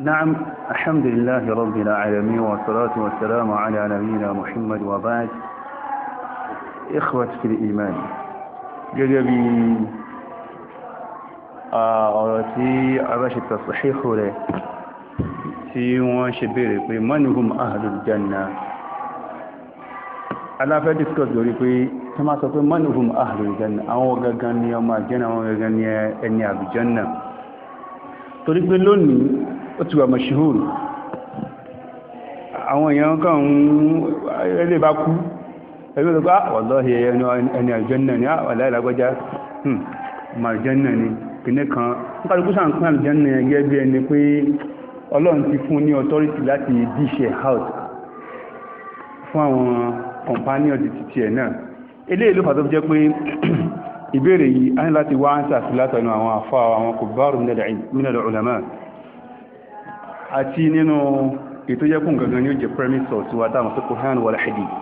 نعم الحمد لله رب العالمين والصلاة والسلام على نبينا محمد وبعد إخوة في الإيمان gẹ́gẹ́ bí ọ̀rọ̀ tí aráṣẹ́ta sọ̀ṣíhù rẹ̀ tí wọ́n ṣe bèèrè pé manhum ahlul janna aláfẹ́ discuss lórí pé tó máa sọ pé manhum ahlul janna àwọn gangan ni ọmọ àjẹ́nà àwọn gangan ni ẹni àbújánà torí pé lónìí ó ti wà mọ̀ṣíhùrù àwọn èèyàn kan ẹlẹ́ bá kú ẹgbẹ́ tó kọ́ wallahi ẹni àjẹ́nà ni ah, aláìlágbọ́já màjẹ́nà hmm, ni kìnnì kan nípasẹ̀ kúṣà ń pín àjẹ́nà yẹn gẹ́gẹ́ bí ẹni pé ọlọ́run ti fún ní authority láti díṣẹ́ out fún àwọn companion ti titi ẹ̀ náà eléyìí ló fà tó jẹ́ pé ìbéèrè yìí á ní láti wá ánsà sí látọ̀nà àwọn àfọ́ àwọn kò bá rùn nílẹ̀ ulama àti nínú ètò jẹ́kùn gangan ni ó jẹ́ premise of tiwa táwọn sọ Qur'an wal hadith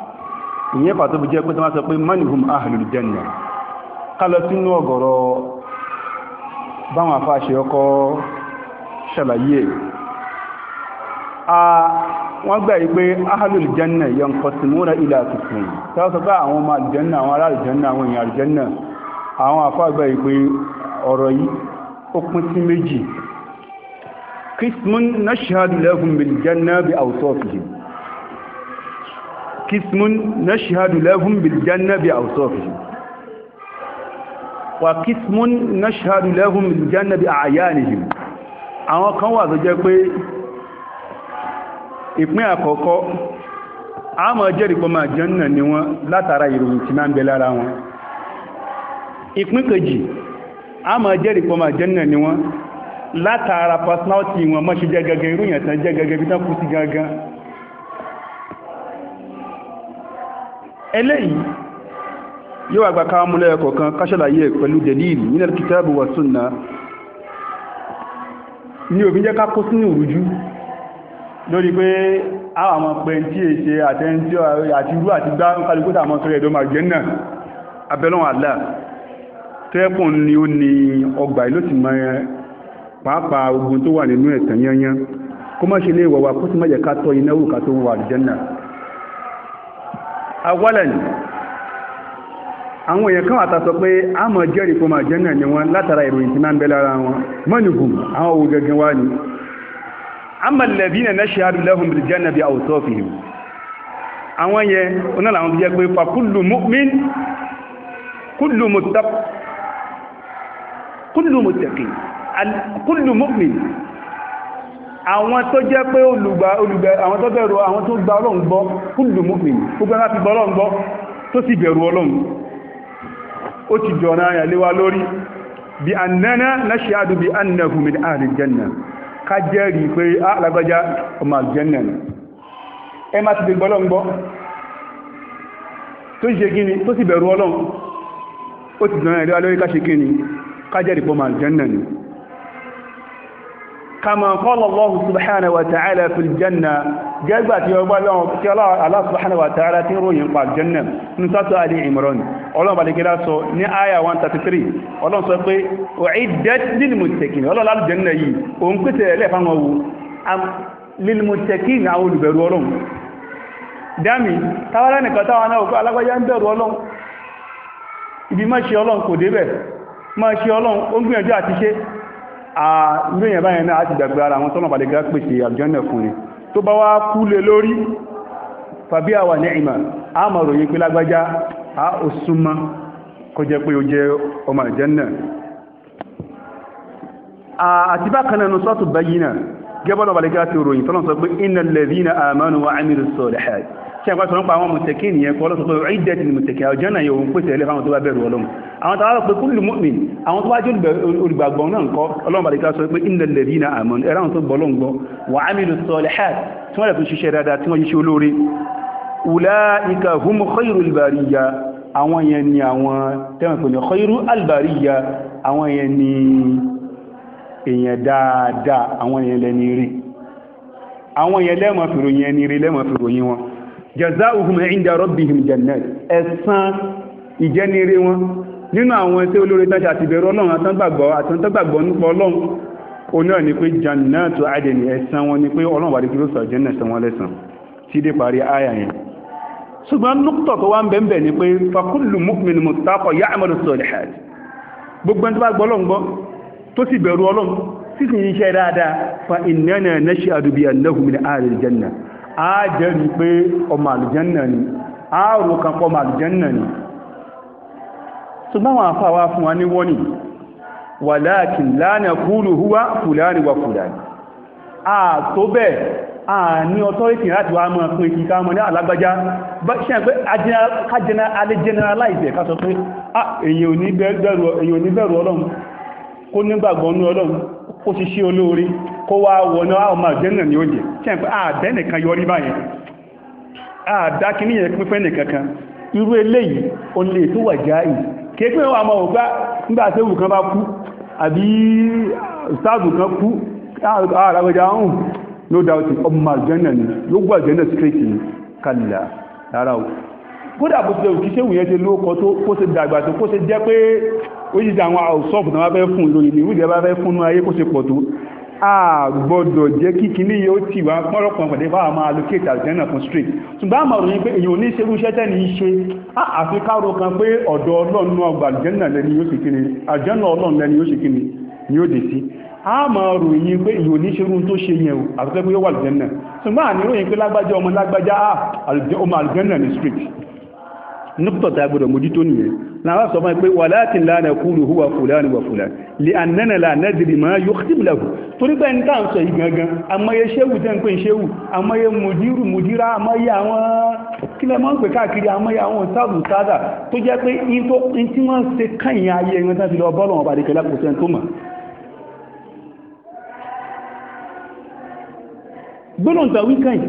ìyẹn pàtó bí jẹ́ pé tó máa sọ pé manhum ahlul janna kálọ sínú ọ̀gọ̀rọ̀ báwọn afáṣe ọkọ̀ ṣàlàyé wọ́n gbà yí pé ahlul janna yanqasimuna ila qismayn táwọn sọ pé àwọn ọmọ àlùjẹ́nà àwọn ará àlùjẹ́nà àwọn èèyàn àlùjẹ́nà àwọn afá gbà yí pé ọ̀rọ̀ yìí ó pín sí méjì kismun nashhadu lahum bil janna bi awsafihim kismun nashhadu lahum bil janna bi awsafihim wa kismun nashhadu lahum bil janna bi a'yanihim àwọn kan wà tó jẹ́ pé ìpín àkọ́kọ́ a máa jẹ́rìí pé ma janna ni wọ́n látara ìròyìn tí máa ń bẹ lára wọn ìpín kejì a máa jẹ́rìí pé ma janna ni wọ́n látara personality wọn mọ́ ṣe jẹ́ gẹ́gẹ́ irú yẹn tán jẹ́ gẹ́gẹ́ bí tán kú sí gangan eléyìí yóò àgbà ká mú lẹ́yọ kọ̀ọ̀kan káṣàlàyé pẹ̀lú delil nínú kìtàbù wa sunna ní òbí jẹ́ ká kó sínú ìrújú lórí pé àwọn ọmọ pẹ̀ tí è ṣe àtẹ́ntí àti irú pàápàá ogun tó wà nínú ẹ̀tàn yányán kó má ṣe lè wọ̀wà kó sì má jẹ́ ká tọ́ iná wò ká tó wà àlùjànnà. awalan àwọn èèyàn kan àtàsọ pé a mọ̀ jẹ́rìí kó máa ni wọ́n látara ìròyìn tí máa ń bẹ lára wọn mọ́nìkùn àwọn owó gẹ́gẹ́ wá ni. amma alladhina nashhadu lahum bil janna bi awsafihim àwọn yẹn oná làwọn fi jẹ́ pé fa kullu kúlù mọ́mí àwọn tó jẹ́ pé olùgbà olùgbà àwọn tó bẹ̀rù àwọn tó gba ọlọ́run gbọ́ kúlù mọ́mí gbogbo láti gba ọlọ́run gbọ́ tó sì bẹ̀rù ọlọ́run ó ti jọ̀nà àyà léwa lórí bí annana nashhadu bí annahu min ahli janna ká jẹ́rìí pé alágbájá ọmọ aljanna ẹ má ti kama qala Allahu subhanahu wa ta'ala fil janna gẹ́gbà tí ọgbà lọ́wọ́ tí Allah subhanahu wa ta'ala tí ròyìn pa janna ní sọ́tọ̀ Ali Imran ọlọ́run balẹ̀gẹ́lá sọ ní àyà 133 ọlọ́run sọ pé u'iddat lil muttaqin ọlọ́run láti janna yìí òun pèsè ẹ̀lẹ́ fáwọn wo lil muttaqin àwọn olùbẹ̀rù ọlọ́run ibi má ṣe ọlọ́run kò débẹ̀ má ṣe ọlọ́run ó gbìyànjú àti ṣe irú èèyàn báyẹn náà á ti gbàgbé ara àwọn tọ́nà pàdé gá pèsè àlùjánnà fún ni tó bá wá kú lé lórí fàbí àwà ní ìmọ̀ a mọ̀ ròyìn pé lágbájá a ó súnmọ́ kó jẹ́ pé ó jẹ́ ọmọ àlùjánnà àti bákan náà sọ́tù báyìí náà gẹ́bọ́n ọ̀bàlẹ́gá ti ròyìn tọ́nà sọ pé innal ladhina amanu wa amilu s-salihati tí a bá sọ̀rọ̀ pa àwọn mùtẹ̀kì nìyẹn kọ́ lọ́sọ̀ pé ìdẹ́ ti mùtẹ̀kì àjọ náà yóò ń pèsè ẹlẹ́ fáwọn tó bá bẹ̀rù ọlọ́run àwọn tó bá pé kúlù mọ́mìn àwọn tó bá jẹ́ olùgbàgbọ́ náà kọ́ ọlọ́run bàdìkà sọ pé innal ladina amanu ẹ̀rọ àwọn tó bọ́ lọ́ngbọ́ wa amilu salihat tí wọ́n lè fi ṣiṣẹ́ dáadáa tí wọ́n ṣiṣẹ́ olóore ulaika hum khairul bariya àwọn yẹn ni àwọn tẹ́wọ̀n pè ní khairu albariya àwọn yẹn ni èèyàn dáadáa àwọn yẹn lẹ́ni rí àwọn yẹn lẹ́mọ̀ fìròyìn ẹni rí lẹ́mọ̀ fìròyìn wọn jazaohum inda rabbihim jannat ẹ̀san ìjẹ́niire wọn nínú àwọn tí olórí tán ṣe àtìbẹ̀rù ọlọ́run àtọ́gbàgbọ́ àtọ́gbàgbọ́ nípa ọlọ́run oní ọ̀ ni pé jannatu adẹ̀ni ẹ̀san wọn ni pé ọlọ́run wà lókè lóṣù àjẹ́nà ẹ̀san wọn lẹ́san tí dé parí àyà yẹn ṣùgbọ́n nùkútọ̀ tó wá ń bẹ̀ẹ̀ ni pé fakullu mu'min mustaqo ya'malu salihat gbogbo ẹni tó bá gbọ́ ọlọ́run gbọ́ tó sì bẹ̀rù ọlọ́run sì sì ń ṣe dáadáa fa innana annahu min ahli aljanna a jẹ́rìí pé ọmọ àlùjànnà ni a rò kan pọ̀ ọmọ àlùjànnà ni ṣùgbọ́n wọn àfà wá fún wa ní wọ́nì wàláàkìn lánà kúrò húwá fùlàní wà fùlàní a tó bẹ́ẹ̀ a ní ọtọ́rìtì láti wá mọ́ fún ikí ká mọ́ ní alágbájá ṣe pé alẹ́generalize ká sọ pé ah, èyàn ò ní bẹ̀rù ọlọ́run kó ṣiṣẹ́ olóore kó wá wọná ọmọ àjẹ́nà ní oúnjẹ tí ẹ̀pẹ́ àdẹ́ nìkan yọrí báyẹn àdákí ah, ní ẹ̀kún fẹ́ nìkankan irú eléyìí o lè tó wà jáì kéèkì mẹ́wàá àmọ́ òpá nígbà tí ewu kan bá kú àbí sáàbù kan kú ah, ah, àràgbẹ̀dà ọ̀hún no doubt ọmọ àjẹ́nà ni yóò gbọ́ àjẹ́nà kódà bó tilẹ̀ òkú ṣéwù yẹn ti lóókọ tó kó ṣe dàgbà tó kó ṣe jẹ́ pé ó yí àwọn àwòsọ́ọ̀fù tó bá fẹ́ fún ìròyìn ní ìwúdìí bá fẹ́ fún ayé kó ṣe pọ̀ tó a gbọ́dọ̀ jẹ́ kí kìíní yóò tì wá pọ́nrọ̀pọ̀ pẹ̀lẹ́ bá máa allocate àjẹ́nà fún street ṣùgbọ́n àmà òròyìn pé èyàn ní ṣerú iṣẹ́ tẹ́ni ṣe àfi káàrò kan pé ọ̀dọ̀ ọlọ́run ọgbà àjẹ́nà lẹ́ni yóò ṣe kíni àjẹ́nà ọlọ́run lẹ́ni yóò ṣe kíni ni ó dé sí àmà òròyìn o àfikẹ́ pé nukutọ ta gbọ́dọ̀ mójútó nìyẹn làwọn sọ fún mi pé wàláàtì lánà kúlù hùwà fúlàní wà fúlàní lè ànánà lànà dìrì máa yóò tì mí lẹ́kù torí pé nǹkan sọ yìí gangan amáyé sẹ́wù tẹ́ ń pè sẹ́wù amáyé mùdírù mùdírà amáyé àwọn kílẹ̀ máa ń pè káàkiri amáyé àwọn sáàbù sáàdà tó jẹ́ pé in tí wọ́n ṣe káyìn ayé wọn tán ti lọ bọ́ọ̀lù wọn bàdìkẹ́lá kò sẹ́ni tó mọ̀ gbọ́dọ̀ ń ta wíkẹ́ǹdì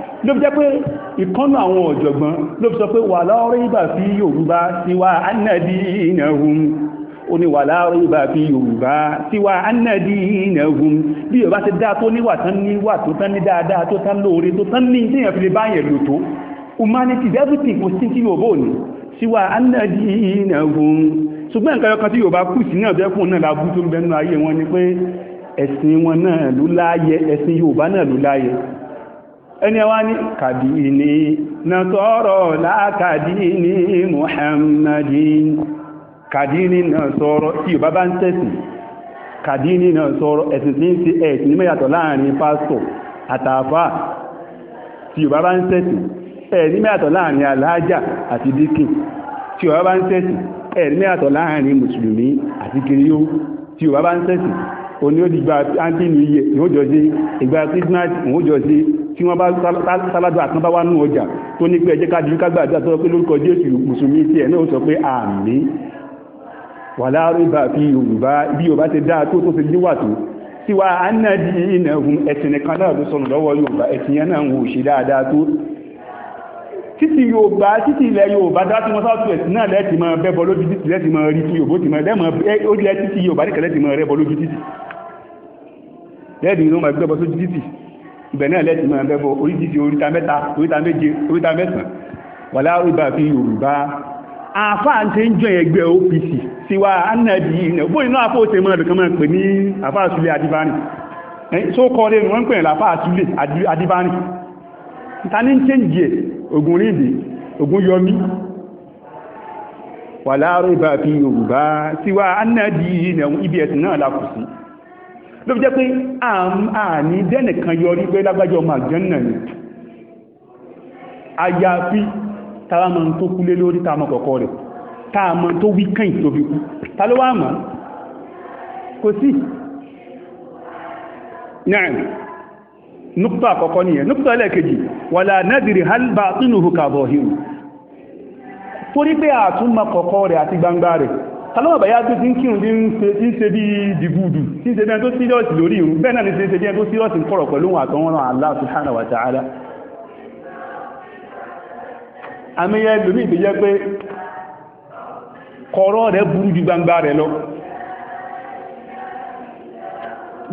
ló jẹ́ pé ìkánú àwọn ọ̀jọ̀gbọ́n ló sọ pé wà láọ́rọ̀ ìbà fi yorùbá síwá annadi ìnàhùn ó ní wà láọ́rọ̀ ìbà fi yorùbá síwá annadi ìnàhùn bí yorùbá ti dá tó níwà tán níwà tó tán ní dáadáa tó tán lóore tó tán ní tíyàn fi lè báyẹ̀ lò tó humanity everything kò sí tí yorùbá ò ní síwá annadi ìnàhùn ṣùgbọ́n nǹkan kan tí yorùbá kù sí náà bẹ́kùn náà lábú tó ń bẹnu ayé wọn ni pé ẹ̀sìn wọn náà ló láàyè ẹ̀sìn yorùbá náà ló láàyè ẹni ẹwà kadini kàdíní lákàdíní muhammadin kàdíní nàtọ́rọ̀ tí yóò bá bá ń tẹ̀sì kàdíní nàtọ́rọ̀ ẹ̀sìn tí ń sí ẹ̀sìn ní mẹ́yàtọ̀ láàrin pásítọ̀ àtàfà tí yóò bá bá ń tẹ̀sì ẹ̀sìn mẹ́yàtọ̀ láàrin alájà àti díkì tí yóò bá bá ń tẹ̀sì mẹ́yàtọ̀ tí wọ́n bá sálájú àkànbá wá nù ọjà tó ní pé ẹjẹ́ ká dìrí kágbà àdúrà tó pé lórúkọ jésù mùsùlùmí tí ẹ̀ náà sọ pé àmì wà láàrú bá fi yorùbá bí yorùbá ti dáa tó tó fi níwà tó tí wa anadi iná hun ẹ̀sìn nìkan náà ló sọnù lọ́wọ́ yorùbá ẹ̀sìn yẹn náà ń wò ṣe dáadáa tó títí yorùbá títí ilẹ̀ yorùbá dá tí wọ́n sáà tuwẹ̀ náà lẹ́ẹ̀tì máa bẹ́bọ lójú títì lẹ́ẹ̀tì máa rí tí yorùbá ti máa lẹ́ẹ̀mọ ó lẹ́ẹ̀ títí yorùbá nìkan lẹ́ẹ̀tì máa rẹ́bọ lójú títì lẹ́ẹ̀tì ló máa gbẹ́bọ sójú títì ibẹ̀ náà lẹ́tì mọ́ ẹgbẹ́ bọ oríṣiríṣi oríta mẹ́ta oríta méje oríta mẹ́sàn-án wàlá ìbà fi yorùbá àfáà ṣe ń jọ ẹgbẹ́ OPC síwá anadi ilẹ̀ bóyí náà fó ṣe mọ́ ẹ̀dùkan mọ́ pè ní àfáà Sule Adibani so kọ́ lé wọ́n ń pè ní àfáà Sule Adibani ta ní ṣe ń jẹ ogun ríndì ogun yọmí wà láàárọ̀ ìbá fi Yorùbá síwá anadi ilẹ̀ ibi ẹ̀sìn náà lákùsí ló fi jẹ́ pé àní dẹ́nìkan yọrí pé lágbájọ́ ọmọ àjẹ́nà ni àyàfi tààmà tó kúlé lórí tààmà kọ̀kọ́ rẹ̀ tààmà tó wí kàn tó fi kú ta ló wá kò sí nukta àkọ́kọ́ nìyẹn nukta ẹlẹ́kejì wàlà nẹ́dìrì halba inú hùkà bọ̀ hìrù torí pé àtúnmà kọ̀kọ́ rẹ̀ àti gbangba rẹ̀ talọ́wọ̀ bàyá tó ti ń kírun tí ń ṣe bí dìgúdù tí ń ṣe bí ẹni tó sírọ́ọ̀sì lórí ìrun bẹ́ẹ̀ náà ni ṣe bí ẹni tó sírọ́ọ̀sì ń kọ̀rọ̀ pẹ̀lú àtọwọ́n Allah subhanahu wa ta'ala àmìyẹ lómi ìgbéjẹ́ pé kọ̀rọ̀ rẹ̀ burú ju gbangba rẹ̀ lọ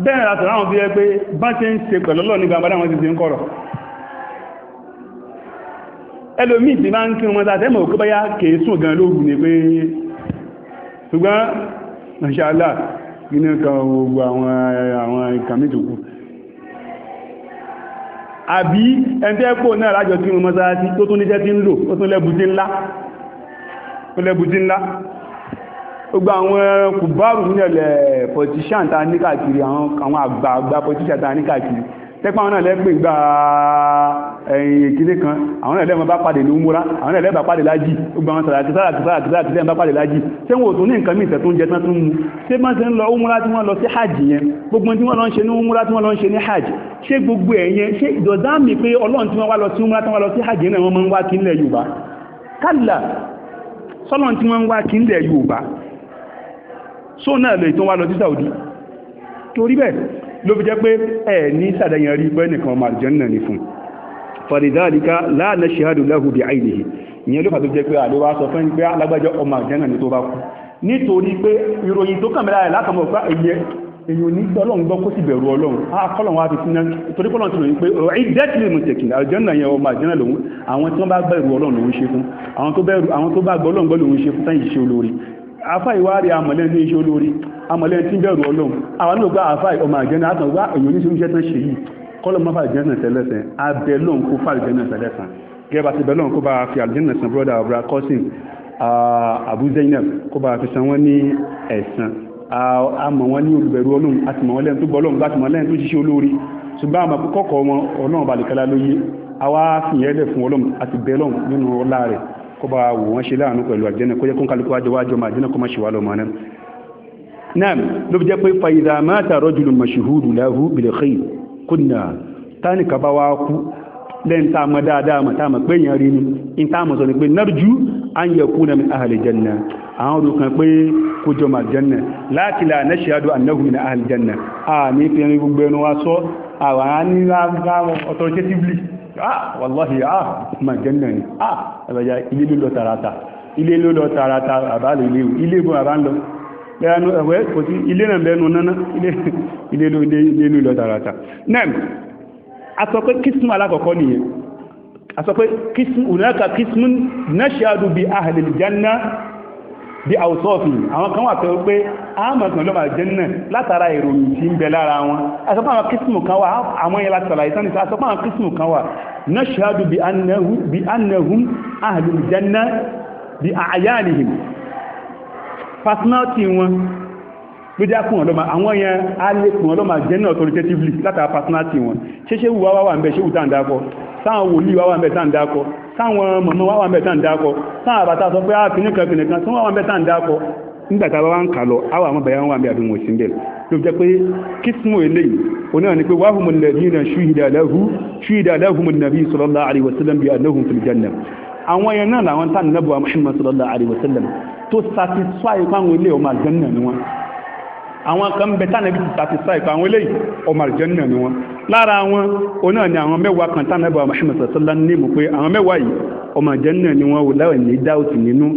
bẹ́ẹ̀ láti ráwọn bí ẹ pé bá ṣe ń ṣe pẹ̀lọ́lọ́ ní gbangba náà wọ́n ti ṣe ń kọ̀rọ̀ ẹlòmí ìgbé máa ń kírun mọ́ta tẹ́mọ̀ òkú báyá kèésùn gan lóòrùn ni pé ṣùgbọ́n mashallah nínú kan gbogbo àwọn àwọn ìkàmí tó kù àbí ẹntẹ́pò náà lájọ tí mo mọ́sára sí tó tún níṣẹ́ tí ń lò ó tún lẹ́bùtí ńlá ó lẹ́bùtí ńlá gbogbo àwọn kùbárù nílẹ̀ politician ta ní káàkiri àwọn àgbààgbà politician ta ní káàkiri tẹ́pàwọn náà lẹ́gbẹ̀gbà ẹ̀yìn ìkíní kan àwọn ẹ̀lẹ́mọ̀ bá pàdé ní umura àwọn ẹ̀lẹ́bà pàdé lájì gbogbo àwọn sàràkì sàràkì sàràkì sàràkì sẹ́yìn bá pàdé lájì ṣé wọn ò tún ní nǹkan mí ìtẹ̀tún jẹ tán tún mu ṣé máa ṣe ń lọ umura tí wọ́n lọ sí hajj yẹn gbogbo tí wọ́n lọ ń ṣe ní umura tí wọ́n lọ ń ṣe ní hajj ṣé gbogbo ẹ̀ yẹn ṣé ìdọ̀dáàmì pé ọlọ́run tí wọ́n wá lọ sí umura tí wọ́n lọ sí hajj náà wọ́n máa ń wá kí nílẹ̀ yorùbá kálà sọ́lọ́run só náà lè tó wá lọ sí saudi torí bẹ́ẹ̀ ló fi jẹ́ pé ẹ̀ ní sàdáyàn rí pé nìkan fàdídáàdíká láàánà ṣehádù láhù bí àìlèhì ìyẹn ló fà tó jẹ́ pé àlewà sọ fún pé alágbájọ́ ọmọ àjẹ́nà ní tó bá kú nítorí pé ìròyìn tó kàmẹ́lá rẹ̀ látọmọ̀ pé èyẹ èyàn ní ọlọ́run gbọ́ kó sì bẹ̀rù ọlọ́run akọ́lọ̀ wọn á fi fún náà torí pọ́lọ́n ti ròyìn pé ọ̀rọ̀ ìdẹ́tìlẹ̀ mú tẹ̀kì àjẹ́nà yẹn ọmọ àjẹ́nà lòun àwọn tí wọ́n bá bẹ̀rù ọlọ́run lòun ṣe àwọn ní iṣẹ́ olórí amọ̀lẹ́ tí náà gba afa ọmọ àjẹ́nà àtàwọn gbá tán ṣe yìí kọ́lọ̀ mọ́ fàlìjẹ́nà tẹ́lẹ̀sẹ̀ abẹ lóun kó fàlìjẹ́nà tẹ́lẹ̀sẹ̀ gẹ́gbà ti bẹ lóun kó bá fi àlìjẹ́nà san brọ́dà ọ̀bra kọ́sìn Abu Zainab kó bá fi san wọ́n ní ẹ̀san àmọ́ wọn ní olùbẹ̀rù ọlọ́run àti mọ̀ wọn lẹ́nu tó gbọ́ ọlọ́run láti mọ̀ lẹ́nu tó ṣiṣẹ́ olórí ṣùgbọ́n àmọ́ kọ́kọ́ wọn ọlọ́run balẹ̀kálá ló yé àwa fìyẹn lẹ̀ fún ọlọ́run àti bẹ́ ọlọ́run nínú ọlá rẹ̀ kó bá wò wọ́n ṣe láàánú pẹ̀lú àjẹ́nà kó jẹ́ kó ń kálukú wájọ wájọ máa jẹ́nà kó má ṣe wá lọ́mọ náà. náà ló fi jẹ́ pé fàyídà máa tààrọ́ jùlọ mọ̀ṣúhùdù láhù bìlẹ̀ xèyí kúnnà tánìkà bá wá kú lẹ́yìn tá a mọ dáadáa mọ̀ tá a mọ̀ pé èèyàn rí ni in tá a mọ̀ sọ ni pé narju an yakuna min ahli janna àwọn olùkan pé kó jọ mà janna láti là nashhadu annahu min ahli janna a ní fi ẹni gbogbo ẹnu wa sọ àwọn aníláàbá authoritatively ah wallahi ah mà janna ni ah ẹ̀bẹ̀yà ilé ló lọ tààràtà ilé ló lọ tààràtà àbálẹ̀ ilé ìbọn àbá ń lọ ẹ̀yànú ẹ̀wẹ́ kò sí ilé náà bẹ́nu náná ilé ló lọ tààràtà náà asọ pé kìsìmù alákọ̀ọ́kọ́ nìyẹn asọ pé kìsìmù ònàkà kìsìmù náṣíàdù bí ahli aljanna bí àwùsọ́ọ̀fì àwọn kan wà pé pé àmọ̀kan ló máa jẹ́ náà látara ìròyìn tí ń bẹ lára wọn asọ́pọ̀ àwọn kìsìmù kan wà àwọn yẹn látara ìsánisá asọ́pọ̀ àwọn kìsìmù kan wà náṣíàdù bí annahum ahli aljanna bí àyánihim personality wọn ló já kùn ọlọ́mà àwọn yẹn á lè kùn ọlọ́mà general authoritatively látara personality wọn ṣeṣe wù wá wà ń bẹ ṣe wù tá ń dákọ sáwọn wòlíì wá wà ń bẹ tá ń dákọ sáwọn mọ̀mọ́ wá wà ń bẹ tá ń dákọ sáwọn àbàtà sọ pé àfihàn ah, kan kìnìkan tí wọ́n wà ń bẹ tá ń dákọ a bá wá ń kà lọ àwọn àmọ́ bẹ̀yà wà ń bẹ àbí wọn sí bẹ́ẹ̀ ló jẹ́ pé kísmù eléyìí oní àni pé wàhùn mọ̀ lẹ́bí náà ṣúhìdà aláhù ṣúhìdà aláhù mọ̀ nàbí sallallahu alaihi wasallam bí aláhùn fil janna àwọn yẹn náà làwọn tá nàbọ̀ Muhammad sallallahu alaihi wasallam tó satisfy fáwọn ilé ọmọ àjẹ́nà ni wọ́n àwọn kan bẹ tánàbí ti satisfy fáwọn ilé ọmọ àjẹ́nà ni wọ́n lára wọn onáà ni àwọn mẹ́wàá kan tánàbí Muhammad sallallahu alaihi wasallam ní mú pé àwọn mẹ́wàá yìí ọmọ àjẹ́nà ni wọ́n láwọn ní dáòtì nínú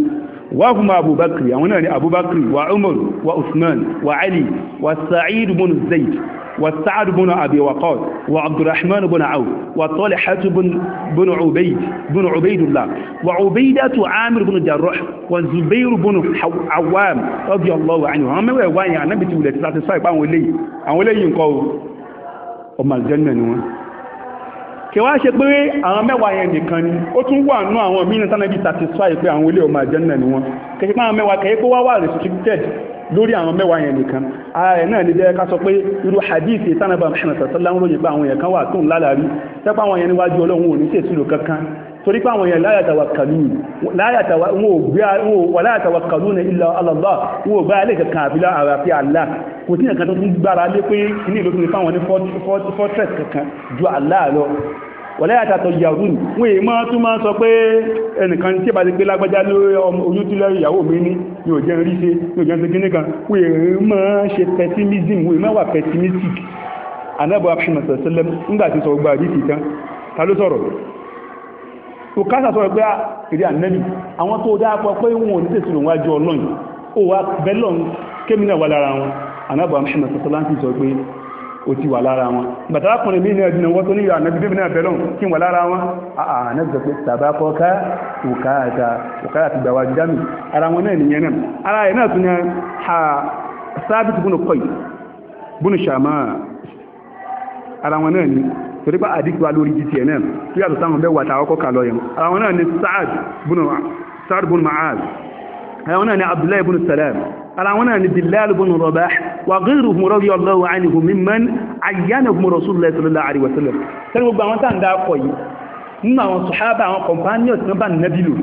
wáhùn ma abubakar àwọn náà ni abubakar wa umar wa usman wa ali wa sa'id bin zaid wa sa'ad bin abi waqas wa abdurrahman bin auf wa talhat bin ubayd bin ubaydullah wa ubaydatu amir bin jarrah wa zubair bin awam radiyallahu anhu àwọn mewe wa yan nabi ti wule ti satisfy pa àwọn eléyìí àwọn eléyìí nko o maljanna ni wọ́n kẹwàá ṣe pé àwọn mẹ́wàá yẹn nìkan ni ó tún wà nú àwọn mí tánàbí satisfy pé àwọn ilé ọmọ àjẹ́nà ni wọ́n kẹ̀kẹ́ pé àwọn mẹ́wàá kẹ̀yẹ́ pé wá wà restricted lórí àwọn mẹ́wàá yẹn nìkan ara rẹ̀ náà ní jẹ́ ká sọ pé irú hadith tánàbà mẹ́rin sọ̀tọ́lá ń ròyìn pé àwọn yẹn kan wà tó ń lálàrí tẹ́pá àwọn yẹn níwájú ọlọ́run ò ní tètúlò kankan torí pé àwọn èèyàn la yatawakkalun wala yatawakkaluna illa ala Allah wọn ò bá ilé kankan àbílá ara fi Allah kò sí ẹ̀kan tó tún gbára lé pé ní ìlú fún ìfáwọn ní fortress kankan ju Allah lọ wala yatayyarun wọ́n èyí máa tún máa sọ pé ẹnìkan tí bá ti gbé lágbájá lórí oyún tí lẹ́rù ìyàwó mi ní yóò jẹ́ rí ṣe yóò jẹ́ ṣe kan wọ́n èyí máa ṣe tó kásà sọ pé èdè ànẹ́bì àwọn tó dáa pọ̀ pé wọn ò ní tẹ̀sí lòun wájú ọlọ́yìn ó wá bẹ́lọ̀ kémi náà wà lára wọn anábọ̀ amúṣẹ́nà sọ láti sọ pé ó ti wà lára wọn bàtà ọkùnrin mi ní ẹ̀dùn wọn tó ní ìyá ànẹ́bì bíbí ha sábìtì bùnú kọ́ì bùnú ṣàmáà ara wọn náà ni torí pé àdìsí wa lórí gt náà tí yàtọ̀ sáwọn bẹ́ẹ̀ wà táwọn kọ́kà lọ yẹn àwọn náà ni saad bùnú maaz àwọn náà ni abdullahi bùnú salam àwọn náà ni bilal bùnú rabah wa ghayruhum radiyallahu anhum mimman ayyanahum rasulullahi sallallahu alaihi wa sallam sẹ́ni gbogbo companions tí wọ́n bá nàbí lò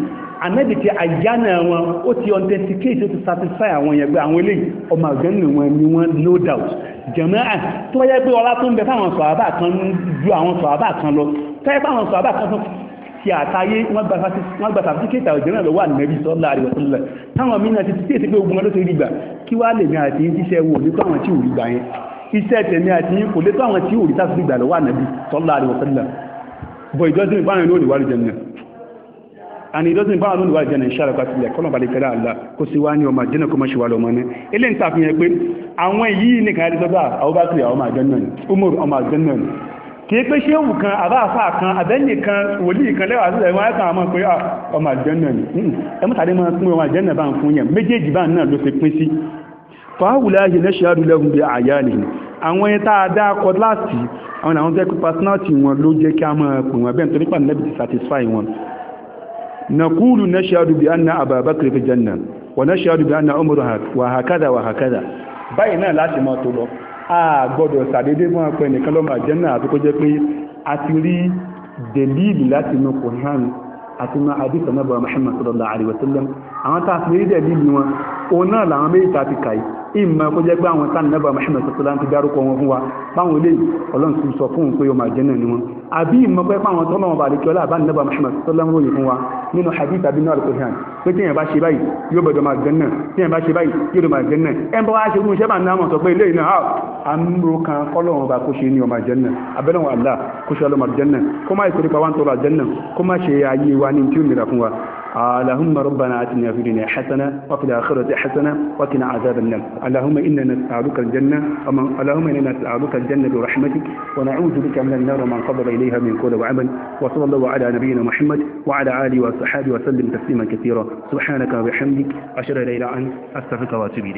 ànábì ti àyánà wọn ó ti authenticate ó ti satisfy àwọn yẹn gbé jẹ̀mọ́à tó wáyé pé ọlá tó ń bẹ fáwọn sọ̀rọ̀bà kan ju àwọn sọ̀rọ̀bà kan lọ tẹ́yẹ́ fáwọn sọ̀rọ̀bà kan fún ti àtayé wọ́n gba sàfitíkẹ́tà òjìnà lọ́wọ́ ànẹ́bí sọ́lá àríwọ̀sọ́lá táwọn mìíràn ti tẹ́ẹ̀sí pé ogun ọlọ́sẹ̀ rí gbà kí wá lè ní àti ń tíṣẹ́ wo ní káwọn tí ò rí gbà yẹn iṣẹ́ tẹ̀mí àti ń kò lé káwọn tí ò rí sàfitíkẹ́tà lọ́wọ́ ànẹ́bí sọ́lá àríwọ̀sọ́lá bọ̀ ìjọ́sìn ìpárin lórí wàlúùjẹ́ náà and he doesn't to on wa jẹ́ ní ṣára pàtí ilẹ̀ kọ́nà balẹ̀ tẹ́lẹ̀ àlá kó sí wá ní ọmọ àjẹ́nà kó mọ́ṣe wà lọ́mọ ní ilé ń tàfihàn pé àwọn yìí nìkan ẹni sọ́gbà ah, àwọ́bákiri àwọn àjẹ́nà ní umar ọmọ àjẹ́nà ní kì í pé ṣé wù kan àbáfà kan àbẹ́nì kan wòlíì kan lẹ́wà sí ẹ̀wọ̀n ẹ̀kan àmọ́ pé ah, ọmọ àjẹ́nà ní hmm. ẹmú tàbí máa pín ọmọ àjẹ́nà bá ń fún yẹn méjèèjì bá náà ló fi pín sí fàáwùlá yìí lẹ́ṣẹ̀ àdúlẹ́gùn bí àyà nìyí àwọn ẹni tá a dá akọ láti àwọn àwọn tẹ́kù personality wọn ló jẹ́ kí a máa pè wọn bẹ́ẹ̀ nítorí pàdé lẹ́bìtì satisfy wọn نقول نشهد بأن أبا بكر في الجنة ونشهد بأن عمر وهكذا وهكذا báyìí láti máa tó lọ a gbọ́dọ̀ sàdédé fún apẹ nìkan lọ́mọ àjẹ́nà àti kó jẹ́ pé a ti rí dẹ̀líìlì láti inú Kùránì àti inú àdìsàn náà bọ̀ Muhammad sallallahu alaihi wasallam àwọn tá a ti rí dẹ̀líìlì wọn òun náà làwọn méjì tá a ti kà yìí ìmọ̀ kó jẹ́ pé àwọn táwọn nẹ́bà Muhammad sọ́sọ́lá ti dárúkọ wọn fún wa báwọn ilé ọlọ́run ti sọ fún un pé ọmọ àjẹ́nà ni wọn àbí ìmọ̀ pé fáwọn tọ́lọ́ wọn bá lè kíọ́lá àbá nẹ́bà Muhammad sọ́sọ́lá ń ròyìn fún wa nínú hadith àbí náà lóko hàn pé tíyẹn bá ṣe báyìí yóò bẹ̀dọ̀ máa gẹ́nà tíyẹn bá ṣe báyìí yóò bẹ̀dọ̀ máa gẹ́nà ẹ̀ ń bá wá ṣe fún iṣẹ́ bá ń dáhùn sọ pé ilé iná àmúrò ah, kan kọ́lọ́run bá kó ṣe ní ọmọ àjẹ́nà abẹ́lẹ́wọ̀n àlá kó ṣe ọlọ́mọ àjẹ́nà kó má ìsorípa wá ń tọrọ àjẹ́nà kó má wa اللهم ربنا آتنا في الدنيا حسنة وفي الآخرة حسنة وقنا عذاب النار اللهم إنا نسألك الجنة اللهم إنا نسألك الجنة برحمتك ونعوذ بك من النار ومن قبل إليها من قول وعمل وصلى الله على نبينا محمد وعلى آله وصحبه وسلم تسليما كثيرا سبحانك وبحمدك أشهد أن لا إله إلا أنت أستغفرك وأتوب إليك